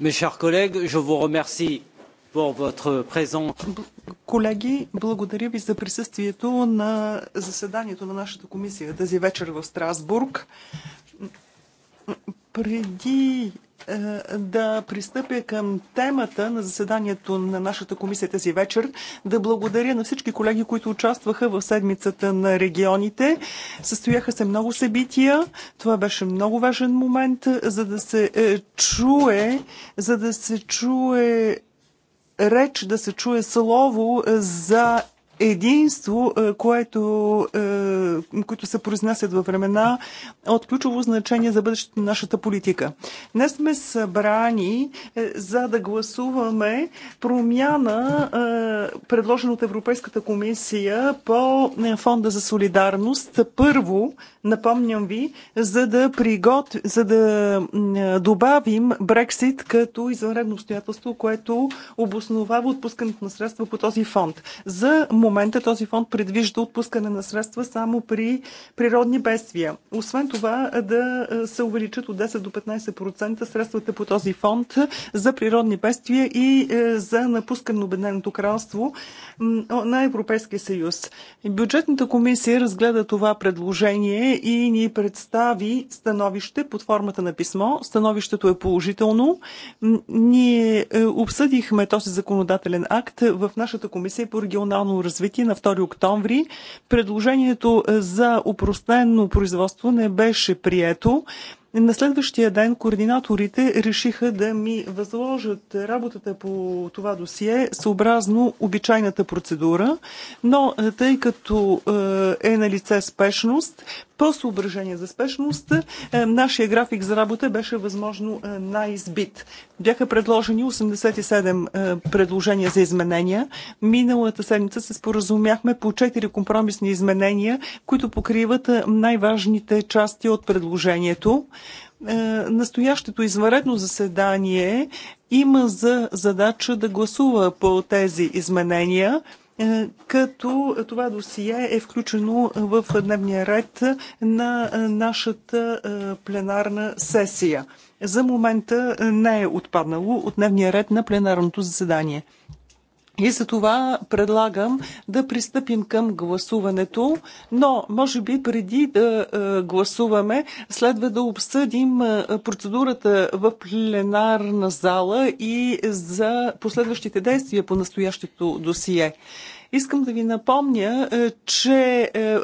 Mes chers collègues, je vous remercie pour votre présence. Колеги, благодаря ви за присъствието на заседанието на нашата комисия тази вечер в Страсбург. Преди е, да пристъпя към темата на заседанието на нашата комисия тази вечер. Да благодаря на всички колеги, които участваха в седмицата на регионите. Състояха се много събития. Това беше много важен момент, за да се е, чуе, за да се чуе реч, да се чуе слово за единство, е, което, е, което се произнасят във времена от ключово значение за бъдещето на нашата политика. Днес сме събрани е, за да гласуваме промяна, предложена от Европейската комисия по Фонда за солидарност. Първо, напомням ви, за да, пригот... за да добавим Брексит като извънредно обстоятелство, което обосновава отпускането на средства по този фонд. За момента този фонд предвижда отпускане на средства само при природни бедствия. Освен това да се увеличат от 10 до 15% средствата по този фонд за природни бедствия и за напускане на Обединеното кралство на Европейския съюз. Бюджетната комисия разгледа това предложение и ни представи становище под формата на писмо. Становището е положително. Ние обсъдихме този законодателен акт в нашата комисия по регионално развитие Свети на 2 октомври. Предложението е, за упростено производство не беше прието. На следващия ден координаторите решиха да ми възложат работата по това досие съобразно обичайната процедура, но е, тъй като е, е на лице спешност, по съображение за спешност, е, нашия график за работа беше възможно най-избит. Бяха предложени 87 предложения за изменения. Миналата седмица се споразумяхме по 4 компромисни изменения, които покриват най-важните части от предложението. Е, настоящето извънредно заседание има за задача да гласува по тези изменения е, като това досие е включено в дневния ред на нашата е, пленарна сесия. За момента не е отпаднало от дневния ред на пленарното заседание. И за това предлагам да пристъпим към гласуването, но може би преди да е, гласуваме следва да обсъдим е, процедурата в пленарна зала и за последващите действия по настоящето досие. Искам да ви напомня, е, че е,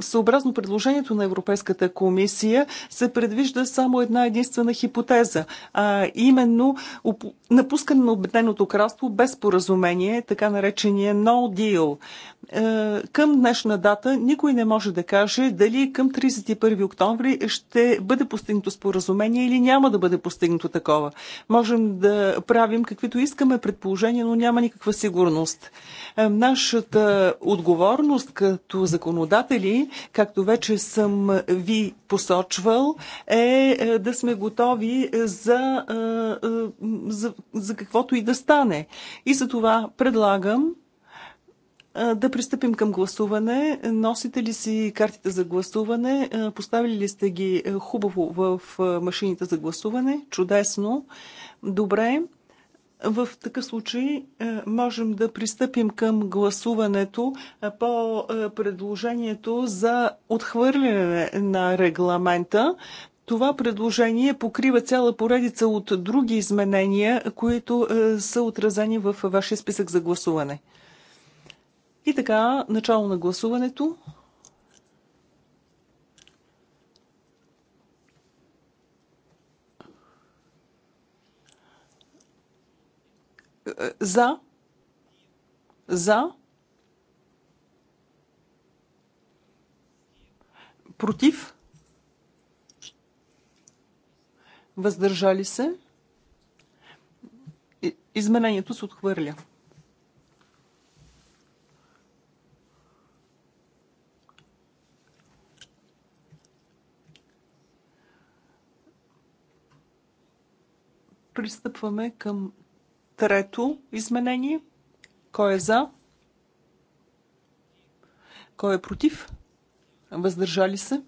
съобразно предложението на Европейската комисия се предвижда само една единствена хипотеза, а именно напускане на Обединеното кралство без споразумение, така наречения no deal. Е, към днешна дата никой не може да каже дали към 31 октомври ще бъде постигнато споразумение или няма да бъде постигнато такова. Можем да правим каквито искаме предположения, но няма никаква сигурност. Наш нашата отговорност като законодатели, както вече съм ви посочвал, е, е да сме готови за, е, е, за, за каквото и да стане. И за това предлагам да пристъпим към гласуване. Носите ли си картите за гласуване? Поставили ли сте ги хубаво в машините за гласуване? Чудесно. Добре. В такъв случай е, можем да пристъпим към гласуването е, по е, предложението за отхвърляне на регламента. Това предложение покрива цяла поредица от други изменения, които са отразени в вашия списък за гласуване. И така, начало на гласуването. за, за, против, въздържали се. Изменението се отхвърля. Пристъпваме към Трето изменение. Кой е за? Кой е против? Въздържали се?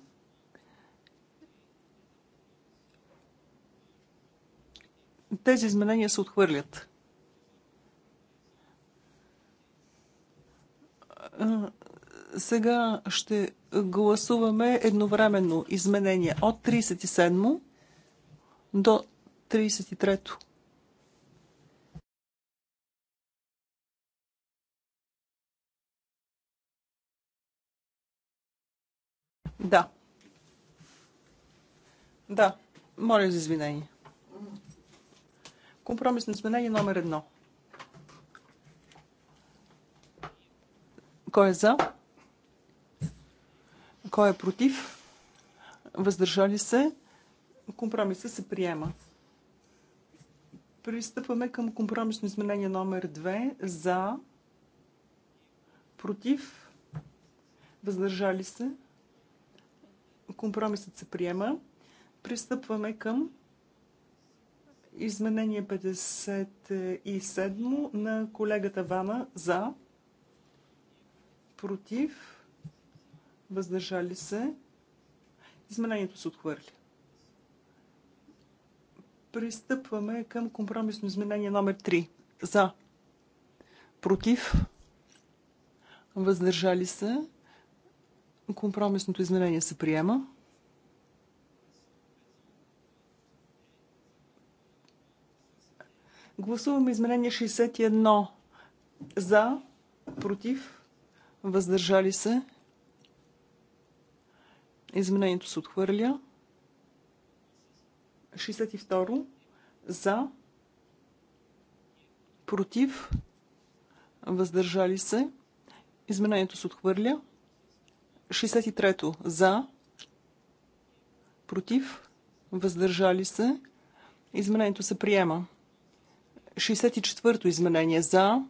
Тези изменения се отхвърлят. Сега ще гласуваме едновременно изменения от 37 до 33. Да, моля за извинение. Компромисно изменение номер едно. Кой е за? Кой е против? Въздържали се? Компромисът се приема. Пристъпваме към компромисно изменение номер 2. За, против, въздържали се. Компромисът се приема. Пристъпваме към изменение 57 на колегата Вана за, против, въздържали се. Изменението се отхвърли. Пристъпваме към компромисно изменение номер 3. За, против, въздържали се. Компромисното изменение се приема. Гласуваме изменение 61 за, против, въздържали се. Изменението се отхвърля. 62 за, против, въздържали се. Изменението се отхвърля. 63 за, против, въздържали се. Изменението се приема. 64-то изменение за,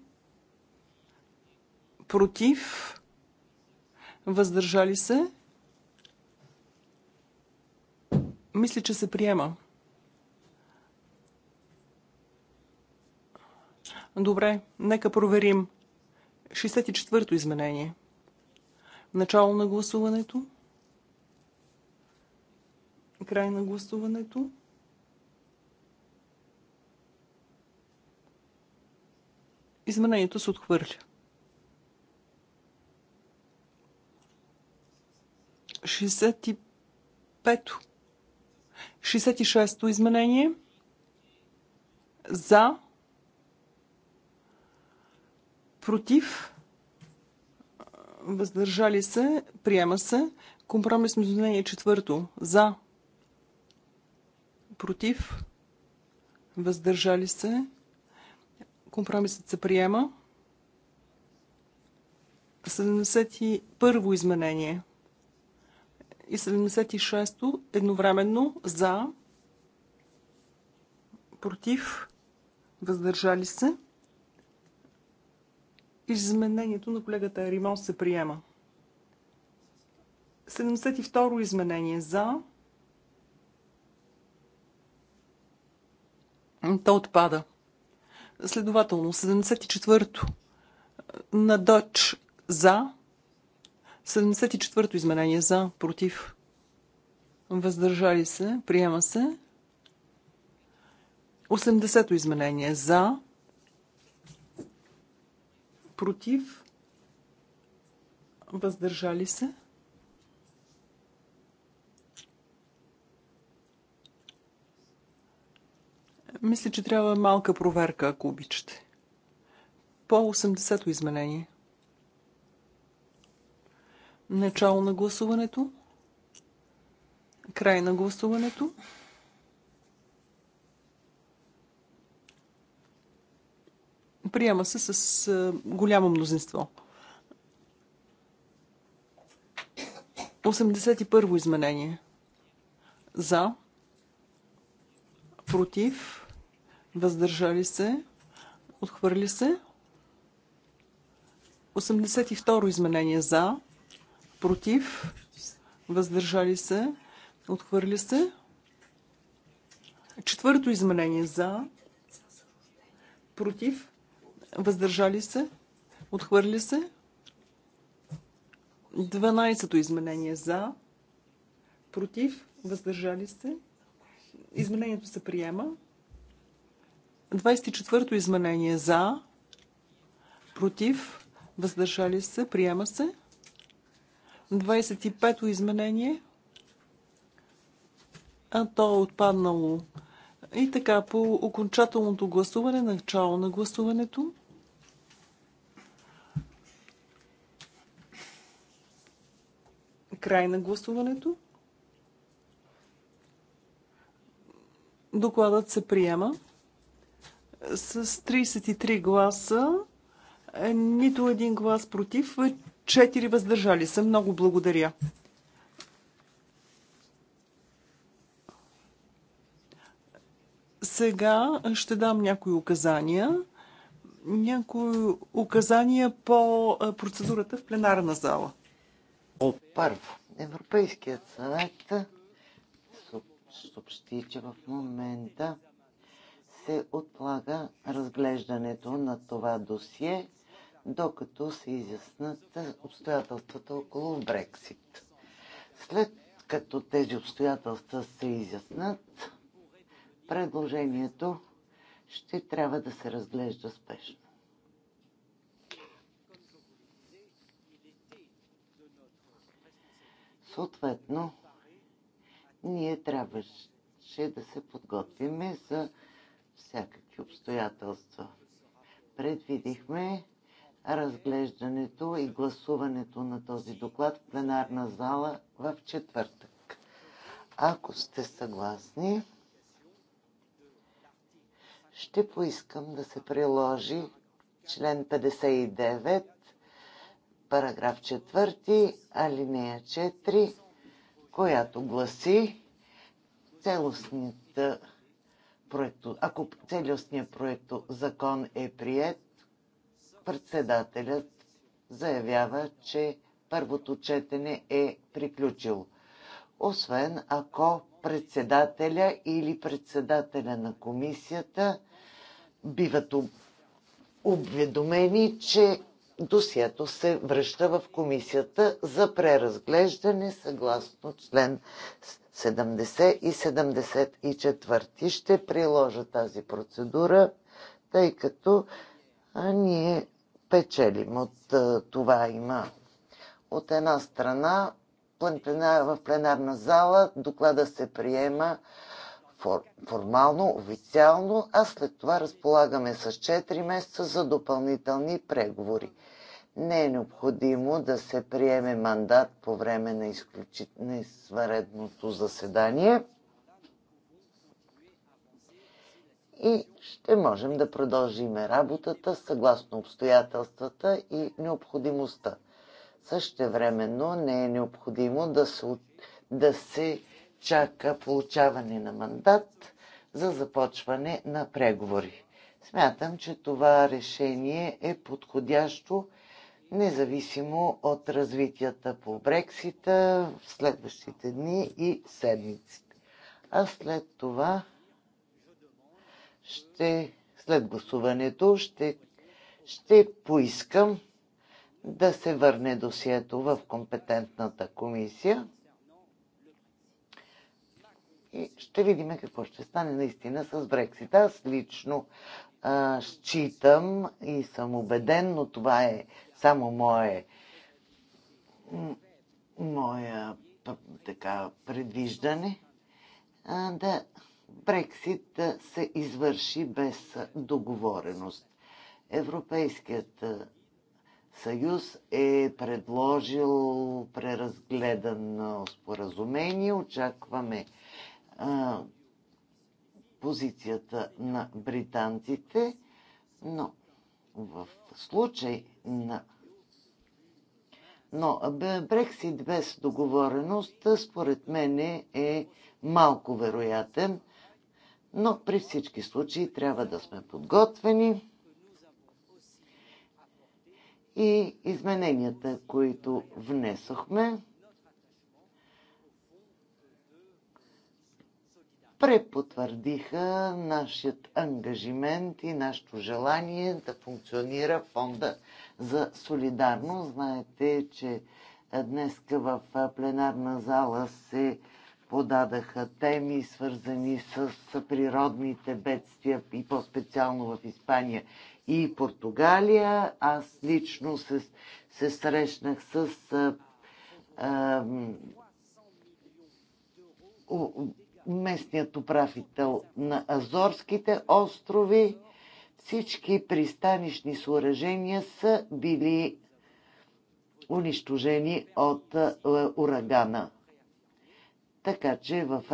против, въздържали се. Мисля, че се приема. Добре, нека проверим. 64-то изменение. Начало на гласуването. Край на гласуването. Изменението се отхвърля. 65-то. 66-то изменение. За. Против. Въздържали се. Приема се. Компромисно изменение четвърто. За. Против. Въздържали се. Компромисът се приема. 71 во изменение и 76-то едновременно за, против, въздържали се. Изменението на колегата Римон се приема. 72-ро изменение за. То отпада. Следователно, 74-то на Дъч за, 74-то изменение за, против, въздържали се, приема се. 80-то изменение за, против, въздържали се. Мисля, че трябва малка проверка, ако обичате. По 80-то изменение. Начало на гласуването. Край на гласуването. Приема се с голямо мнозинство. 81-во изменение. За. Против въздържали се, отхвърли се. 82 изменение за, против, въздържали се, отхвърли се. Четвърто изменение за, против, въздържали се, отхвърли се. 12-то изменение за, против, въздържали се. Изменението се приема. 24-то изменение за, против, въздържали се, приема се. 25-то изменение, а то е отпаднало. И така, по окончателното гласуване, начало на гласуването. Край на гласуването. Докладът се приема с 33 гласа, е, нито един глас против, 4 е, въздържали се. Много благодаря. Сега ще дам някои указания. Някои указания по е, процедурата в пленарна зала. Първо, Европейският съвет съобщи, че в момента се отлага разглеждането на това досие, докато се изяснат обстоятелствата около Брексит. След като тези обстоятелства се изяснат, предложението ще трябва да се разглежда спешно. Съответно, ние трябваше да се подготвиме за всякакви обстоятелства. Предвидихме разглеждането и гласуването на този доклад в пленарна зала в четвъртък. Ако сте съгласни, ще поискам да се приложи член 59, параграф 4, алинея 4, която гласи целостната проекто, ако целостния проекто закон е прият, председателят заявява, че първото четене е приключил. Освен ако председателя или председателя на комисията биват обведомени, че досието се връща в комисията за преразглеждане съгласно член 70 и 74. Ще приложа тази процедура, тъй като а, ние печелим от а, това има. От една страна, в пленарна зала доклада се приема фор, формално, официално, а след това разполагаме с 4 месеца за допълнителни преговори не е необходимо да се приеме мандат по време на, изключително на заседание и ще можем да продължим работата съгласно обстоятелствата и необходимостта. Същевременно не е необходимо да се, да се чака получаване на мандат за започване на преговори. Смятам, че това решение е подходящо независимо от развитията по Брексита в следващите дни и седмиците. А след това ще, след гласуването ще, ще поискам да се върне досието в компетентната комисия и ще видим какво ще стане наистина с Брексита. Аз лично а, считам и съм убеден, но това е само мое, моя така, предвиждане, да Брексит да се извърши без договореност. Европейският съюз е предложил преразгледано споразумение. Очакваме а, позицията на британците, но в случай на но Брексит без договореност, според мен, е малко вероятен, но при всички случаи трябва да сме подготвени и измененията, които внесохме, препотвърдиха нашият ангажимент и нашето желание да функционира фонда за солидарност. Знаете, че днес в пленарна зала се подадаха теми, свързани с природните бедствия и по-специално в Испания и Португалия. Аз лично се, се срещнах с а, а, местният управител на Азорските острови. Всички пристанищни съоръжения са били унищожени от е, урагана. Така че в,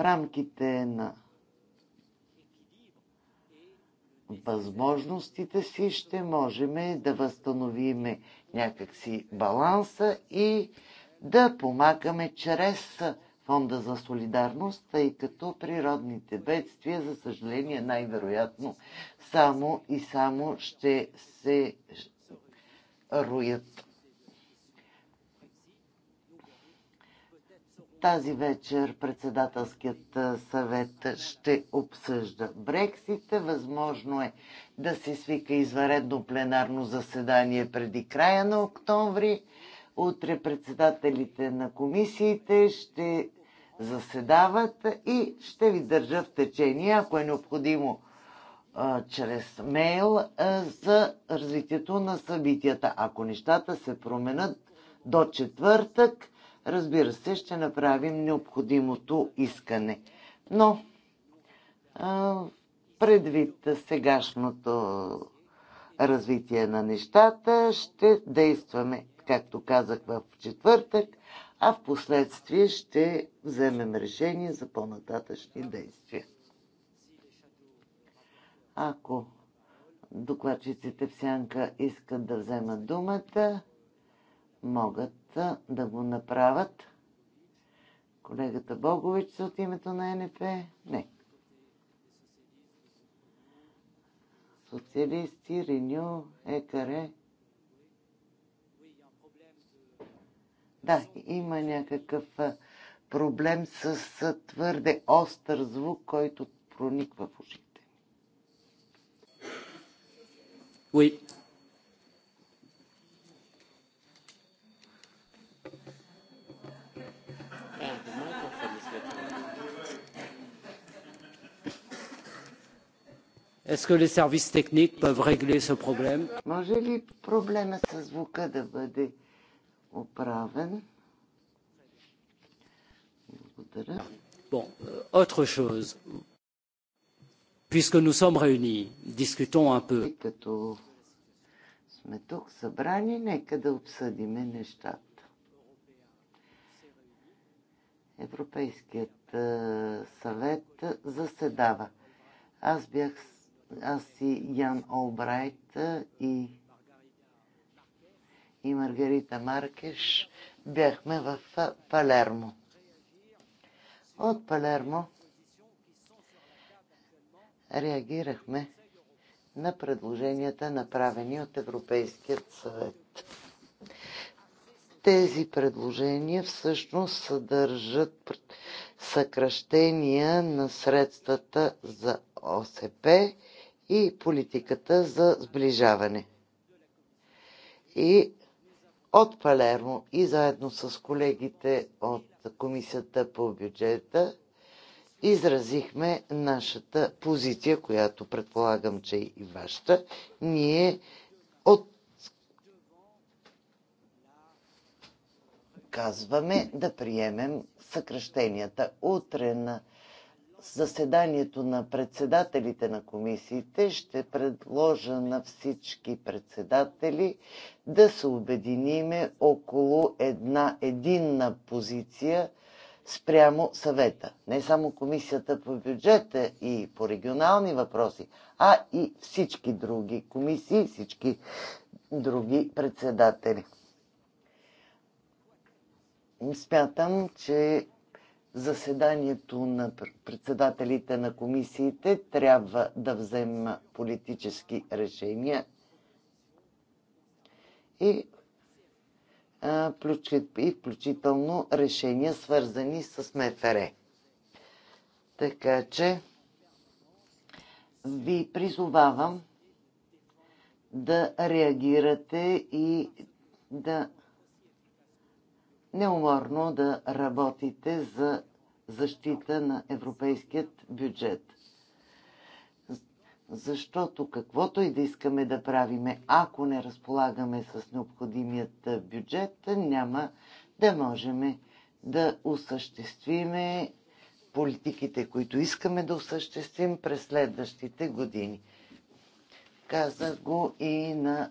рамките на възможностите си ще можем да възстановим някакси баланса и да помагаме чрез фонда за солидарност, тъй като природните бедствия, за съжаление, най-вероятно само и само ще се роят. Тази вечер председателският съвет ще обсъжда Брексите. Възможно е да се свика изваредно пленарно заседание преди края на октомври. Утре председателите на комисиите ще заседават и ще ви държа в течение, ако е необходимо чрез мейл за развитието на събитията. Ако нещата се променят до четвъртък, разбира се, ще направим необходимото искане. Но предвид сегашното развитие на нещата, ще действаме, както казах в четвъртък, а в последствие ще вземем решение за по-нататъчни действия. Ако докладчиците в сянка искат да вземат думата, могат да го направят. Колегата Богович от името на НП? Не. Социалисти, Реню, Екаре. Да, има някакъв проблем с твърде остър звук, който прониква в ушите. Уи. Est-ce que les services techniques peuvent régler ce problème Може ли проблема с звука да бъде оправен. Благодаря. Bon, euh, autre chose. Puisque nous sommes réunis, discutons un peu. Като сме тук събрани, нека да обсъдим нещата. Европейският е, съвет заседава. Аз бях аз и Ян Олбрайт е, и и Маргарита Маркеш бяхме в Палермо. От Палермо реагирахме на предложенията, направени от Европейският съвет. Тези предложения всъщност съдържат съкръщения на средствата за ОСП и политиката за сближаване. И от Палермо и заедно с колегите от Комисията по бюджета изразихме нашата позиция, която предполагам, че е и вашата. Ние от казваме да приемем съкръщенията. Утре на заседанието на председателите на комисиите ще предложа на всички председатели да се обединиме около една единна позиция спрямо съвета. Не само комисията по бюджета и по регионални въпроси, а и всички други комисии, всички други председатели. Смятам, че заседанието на председателите на комисиите трябва да взема политически решения и, а, и включително решения, свързани с МФР. Така че ви призовавам да реагирате и да неуморно да работите за защита на европейският бюджет. Защото каквото и да искаме да правиме, ако не разполагаме с необходимият бюджет, няма да можем да осъществиме политиките, които искаме да осъществим през следващите години. Казах го и на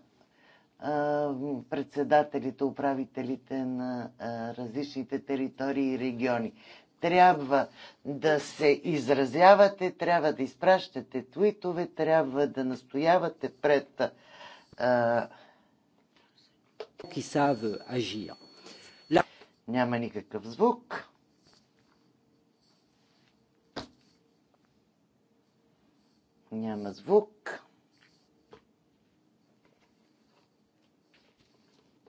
председателите, управителите на различните територии и региони трябва да се изразявате, трябва да изпращате твитове, трябва да настоявате пред а... Няма никакъв звук. Няма звук.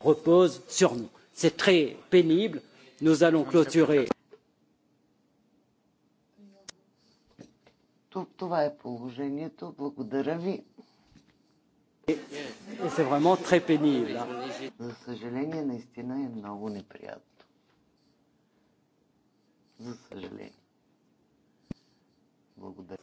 Repose sur nous. C'est très pénible. Nous allons clôturer. Това е положението. Благодаря ви. За съжаление, наистина е много неприятно. За съжаление. Благодаря.